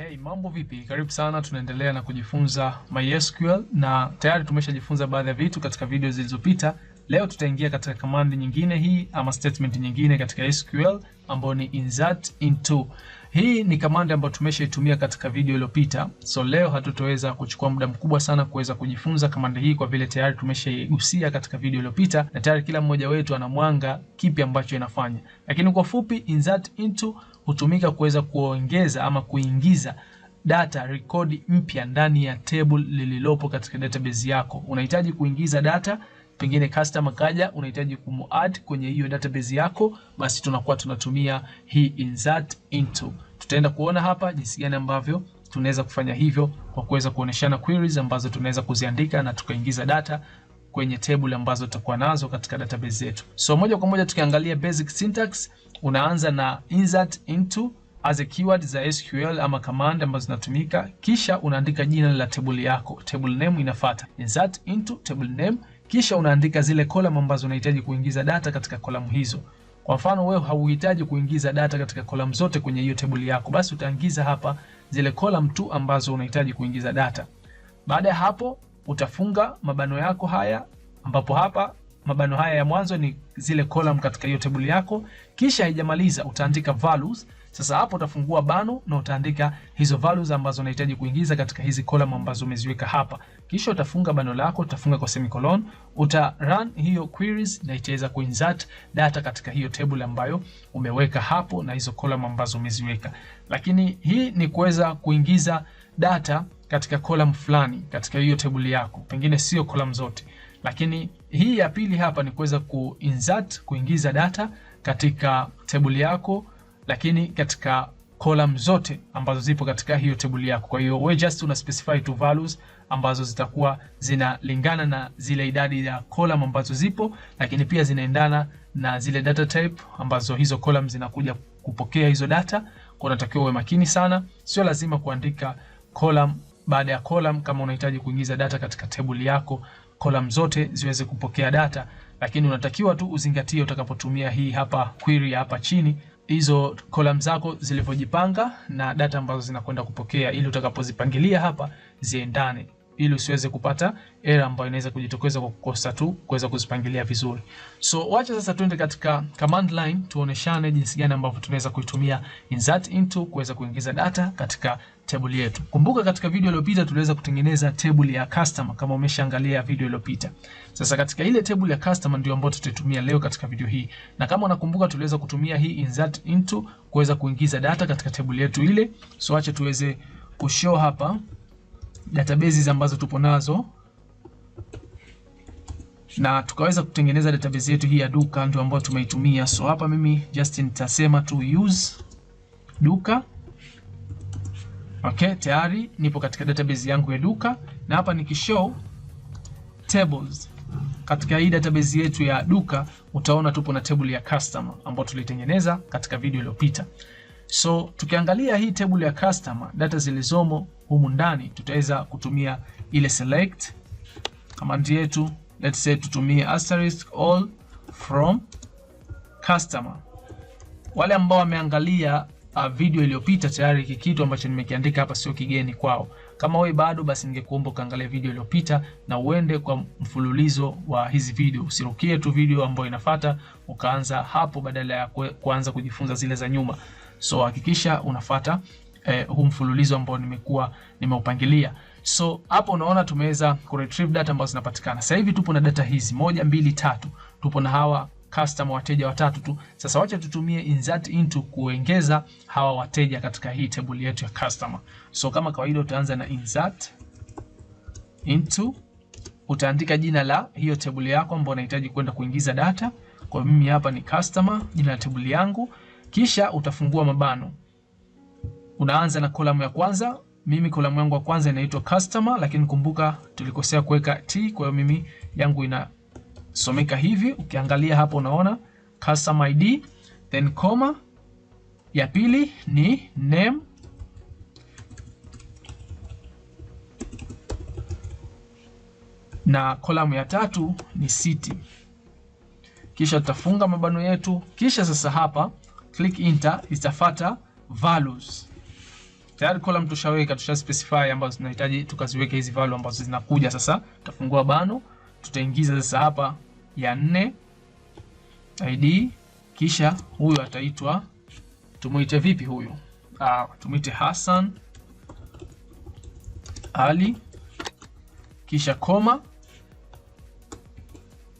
Hey, mambo vipi? Karibu sana, tunaendelea na kujifunza MySQL na tayari tumeshajifunza baadhi ya vitu katika video zilizopita. Leo tutaingia katika command nyingine hii ama statement nyingine katika SQL ambayo ni insert into. Hii ni command ambayo tumeshaitumia katika video iliyopita, so leo hatutoweza kuchukua muda mkubwa sana kuweza kujifunza command hii kwa vile tayari tumeshaigusia katika video iliyopita na tayari kila mmoja wetu ana mwanga kipi ambacho inafanya. Lakini kwa fupi, insert into hutumika kuweza kuongeza ama kuingiza data rekodi mpya ndani ya table lililopo katika database yako. Unahitaji kuingiza data pengine customer kaja, unahitaji kumuadd kwenye hiyo database yako, basi tunakuwa tunatumia hii insert into. Tutaenda kuona hapa jinsi gani ambavyo tunaweza kufanya hivyo kwa kuweza kuoneshana queries ambazo tunaweza kuziandika na tukaingiza data kwenye table ambazo tutakuwa nazo katika database zetu. So moja kwa moja tukiangalia basic syntax, unaanza na insert into as a keyword za SQL ama command ambazo zinatumika, kisha unaandika jina la table yako, table name inafuata, insert into table name kisha unaandika zile column ambazo unahitaji kuingiza data katika column hizo. Kwa mfano wewe hauhitaji kuingiza data katika column zote kwenye hiyo table yako, basi utaingiza hapa zile column tu ambazo unahitaji kuingiza data. Baada ya hapo utafunga mabano yako haya, ambapo hapa mabano haya ya mwanzo ni zile column katika hiyo table yako. Kisha haijamaliza, utaandika values sasa hapo utafungua bano na utaandika hizo values ambazo unahitaji kuingiza katika hizi column ambazo umeziweka hapa, kisha utafunga bano lako, utafunga kwa semicolon, uta run hiyo queries na itaweza kuinsert data katika hiyo table ambayo umeweka hapo na hizo column ambazo umeziweka. Lakini hii ni kuweza kuingiza data katika column fulani katika hiyo table yako, pengine sio column zote. Lakini hii ya pili hapa ni kuweza kuinsert kuingiza data katika table yako lakini katika column zote ambazo zipo katika hiyo table yako. Kwa hiyo we just una specify two values ambazo zitakuwa zinalingana na zile idadi ya column ambazo zipo, lakini pia zinaendana na zile data type ambazo hizo column zinakuja kupokea hizo data. Kwa unatakiwa uwe makini sana, sio lazima kuandika column baada ya column kama unahitaji kuingiza data katika table yako, column zote ziweze kupokea data, lakini unatakiwa tu uzingatie utakapotumia hii hapa query hapa chini hizo column zako zilivyojipanga na data ambazo zinakwenda kupokea, ili utakapozipangilia hapa ziendane, ili usiweze kupata error ambayo inaweza kujitokeza kwa kukosa tu kuweza kuzipangilia vizuri. So wacha sasa tuende katika command line tuoneshane jinsi gani ambavyo tunaweza kuitumia insert into kuweza kuingiza data katika table yetu. Kumbuka katika video iliyopita tuliweza kutengeneza table ya customer kama umeshaangalia video iliyopita. Sasa katika ile table ya customer ndio ambayo tutatumia leo katika video hii. Na kama unakumbuka tuliweza kutumia hii insert into kuweza kuingiza data katika table yetu ile. So acha tuweze kushow hapa databases ambazo tupo nazo na tukaweza kutengeneza database yetu hii ya duka ndio ambayo tumeitumia. So hapa mimi just nitasema to use duka Okay, tayari nipo katika database yangu ya Duka na hapa nikishow tables katika hii database yetu ya Duka utaona tupo na table ya customer ambayo tulitengeneza katika video iliyopita. So tukiangalia hii table ya customer, data zilizomo humu ndani tutaweza kutumia ile select command yetu. Let's say tutumie asterisk all from customer. Wale ambao wameangalia uh, video iliyopita tayari hiki kitu ambacho nimekiandika hapa sio kigeni kwao. Kama wewe bado basi, ningekuomba ukaangalia video iliyopita na uende kwa mfululizo wa hizi video, usirukie tu video ambayo inafuata ukaanza hapo badala ya kuanza kujifunza zile za nyuma. So hakikisha unafuata eh, huu mfululizo ambao nimekuwa nimeupangilia. So hapo unaona tumeweza kuretrieve data ambazo zinapatikana. Sasa hivi tupo na data hizi moja, mbili, tatu. Tupo na hawa customer wateja watatu tu. Sasa wacha tutumie insert into kuongeza hawa wateja katika hii table yetu ya customer. So kama kawaida utaanza na insert into, utaandika jina la hiyo table yako ambayo unahitaji kwenda kuingiza data. Kwa mimi hapa ni customer, jina la table yangu, kisha utafungua mabano. Unaanza na kolamu ya kwanza. Mimi kolamu yangu ya kwanza inaitwa customer, lakini kumbuka tulikosea kuweka t, kwa hiyo mimi yangu ina someka hivi. Ukiangalia hapo unaona customer ID, then comma ya pili ni name na kolamu ya tatu ni city, kisha tutafunga mabano yetu, kisha sasa hapa click enter, itafata values tayari column tushaweka, tusha specify ambazo tunahitaji tukaziweke hizi value ambazo zinakuja sasa. Tutafungua bano tutaingiza sasa hapa ya nne id, kisha huyu ataitwa, tumuite vipi huyu? Ah, tumuite Hassan Ali, kisha koma,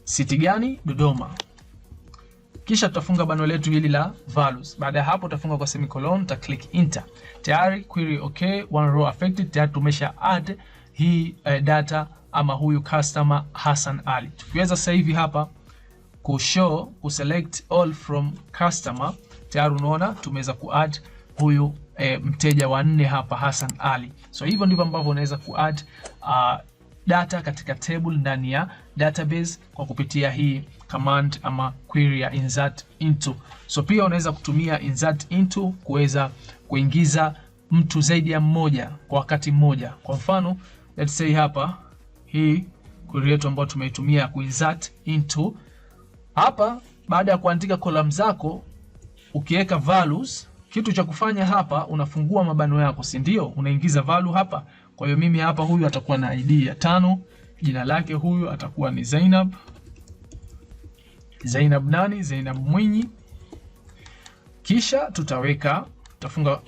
siti gani? Dodoma. Kisha tutafunga bano letu hili la values. Baada ya hapo tutafunga kwa semicolon, ta click enter. Tayari query okay, one row affected. Tayari tumesha add hii uh, data ama huyu customer Hassan Ali. Tukiweza sasa hivi hapa ku show ku select all from customer, tayari unaona tumeweza ku add huyu e, mteja wa nne hapa Hassan Ali. So hivyo ndivyo ambavyo unaweza ku add uh, data katika table ndani ya database kwa kupitia hii command ama query ya insert into. So pia unaweza kutumia insert into kuweza kuingiza mtu zaidi ya mmoja kwa wakati mmoja. Kwa mfano let's say hapa hii query yetu ambayo tumeitumia kuinsert into. Hapa baada ya kuandika column zako ukiweka values, kitu cha kufanya hapa unafungua mabano yako, si ndio? Unaingiza value hapa. Kwa hiyo mimi hapa, huyu atakuwa na ID ya tano, jina lake huyu atakuwa ni Zainab. Zainab nani? Zainab Mwinyi. Kisha tutaweka, tutafunga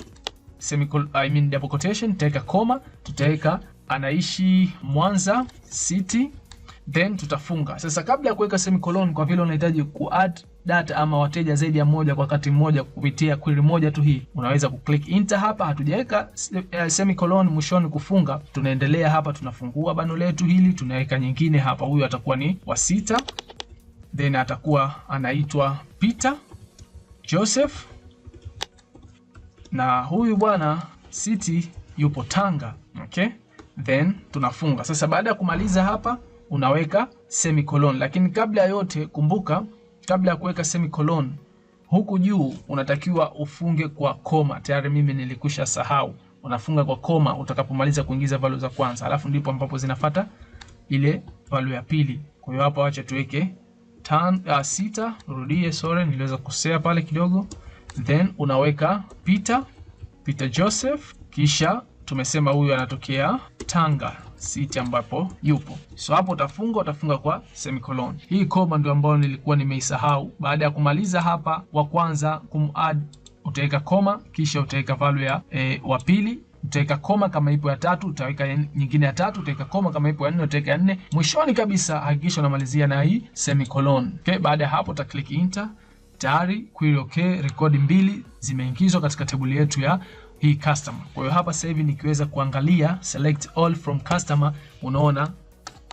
semicolon, I mean double quotation, tutaweka koma, tutaweka anaishi Mwanza City, then tutafunga. Sasa kabla ya kuweka semicolon, kwa vile unahitaji add data ama wateja zaidi ya moja kwa wakati mmoja kupitia query moja tu hii, unaweza kuclick enter hapa. Hatujaweka eh, semicolon mwishoni kufunga, tunaendelea hapa, tunafungua bano letu hili, tunaweka nyingine hapa. Huyu atakuwa ni wa sita, then atakuwa anaitwa Peter Joseph, na huyu bwana City yupo Tanga, okay then tunafunga. Sasa baada ya kumaliza hapa unaweka semicolon, lakini kabla ya yote kumbuka, kabla ya kuweka semicolon huku juu unatakiwa ufunge kwa koma. Tayari mimi nilikusha sahau, unafunga kwa koma utakapomaliza kuingiza value za kwanza, alafu ndipo ambapo zinafata ile value ya pili. Kwa hiyo hapa acha tuweke tan uh, sita. Rudie, sorry, niliweza kusea pale kidogo. Then unaweka Peter Peter Joseph kisha tumesema huyu anatokea Tanga city ambapo yupo. So hapo utafunga utafunga kwa semicolon. Hii koma ndio ambayo nilikuwa nimeisahau. Baada ya kumaliza hapa wa kwanza kumadd, utaweka koma, kisha utaweka value ya e, wa pili utaweka koma kama ipo ya tatu, utaweka nyingine ya tatu, utaweka koma kama ipo ya nne, utaweka ya nne. Mwishoni kabisa hakikisha unamalizia na hii semicolon. Okay, baada ya hapo uta click enter. Tayari query okay, rekodi mbili zimeingizwa katika tebuli yetu ya hii customer. Kwa hiyo hapa sasa hivi nikiweza kuangalia select all from customer, unaona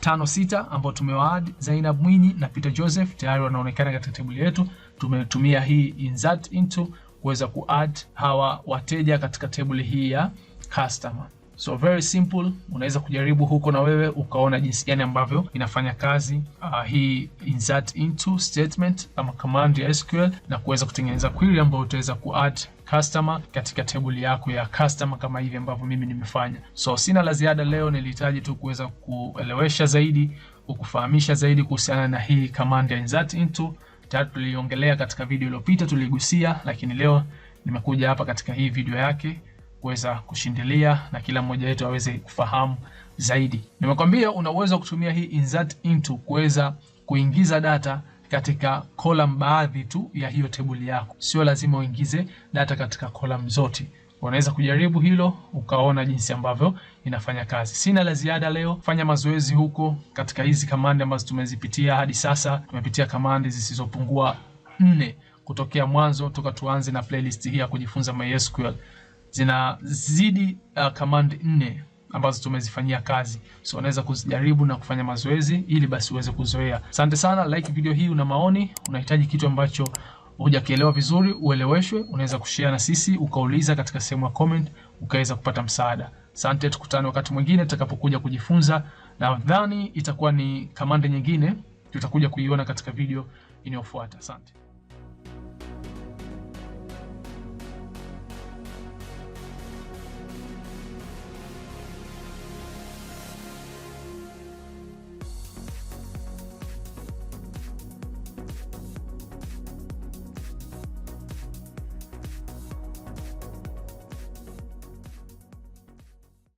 tano sita ambao tumewaad Zainab Mwinyi na Peter Joseph tayari wanaonekana katika table yetu. Tumetumia hii insert into kuweza kuadd hawa wateja katika table hii ya customer. So very simple, unaweza kujaribu huko na wewe ukaona jinsi gani ambavyo inafanya kazi uh, hii insert into statement ama command ya SQL na kuweza kutengeneza query ambayo utaweza kuadd customer katika table yako ya customer kama hivi ambavyo mimi nimefanya. So sina la ziada leo, nilihitaji tu kuweza kuelewesha zaidi, kukufahamisha zaidi kuhusiana na hii command ya insert into. Tayari tuliongelea katika video iliyopita, tuligusia, lakini leo nimekuja hapa katika hii video yake kuweza kushindilia na kila mmoja wetu aweze kufahamu zaidi. Nimekwambia una uwezo wa kutumia hii insert into kuweza kuingiza data katika column baadhi tu ya hiyo tebuli yako, sio lazima uingize data katika column zote. Unaweza kujaribu hilo ukaona jinsi ambavyo inafanya kazi. Sina la ziada leo, fanya mazoezi huko katika hizi kamandi ambazo tumezipitia hadi sasa. Tumepitia kamandi zisizopungua nne kutokea mwanzo toka tuanze na playlist hii ya kujifunza MySQL, zinazidi uh, kamandi nne ambazo tumezifanyia kazi, so unaweza kuzijaribu na kufanya mazoezi ili basi uweze kuzoea. Asante sana, like video hii. Una maoni, unahitaji kitu ambacho hujakielewa vizuri, ueleweshwe, unaweza kushare na sisi, ukauliza katika sehemu ya comment, ukaweza kupata msaada. Asante, tukutane wakati mwingine tutakapokuja kujifunza. Nadhani itakuwa ni kamanda nyingine tutakuja kuiona katika video inayofuata. Asante.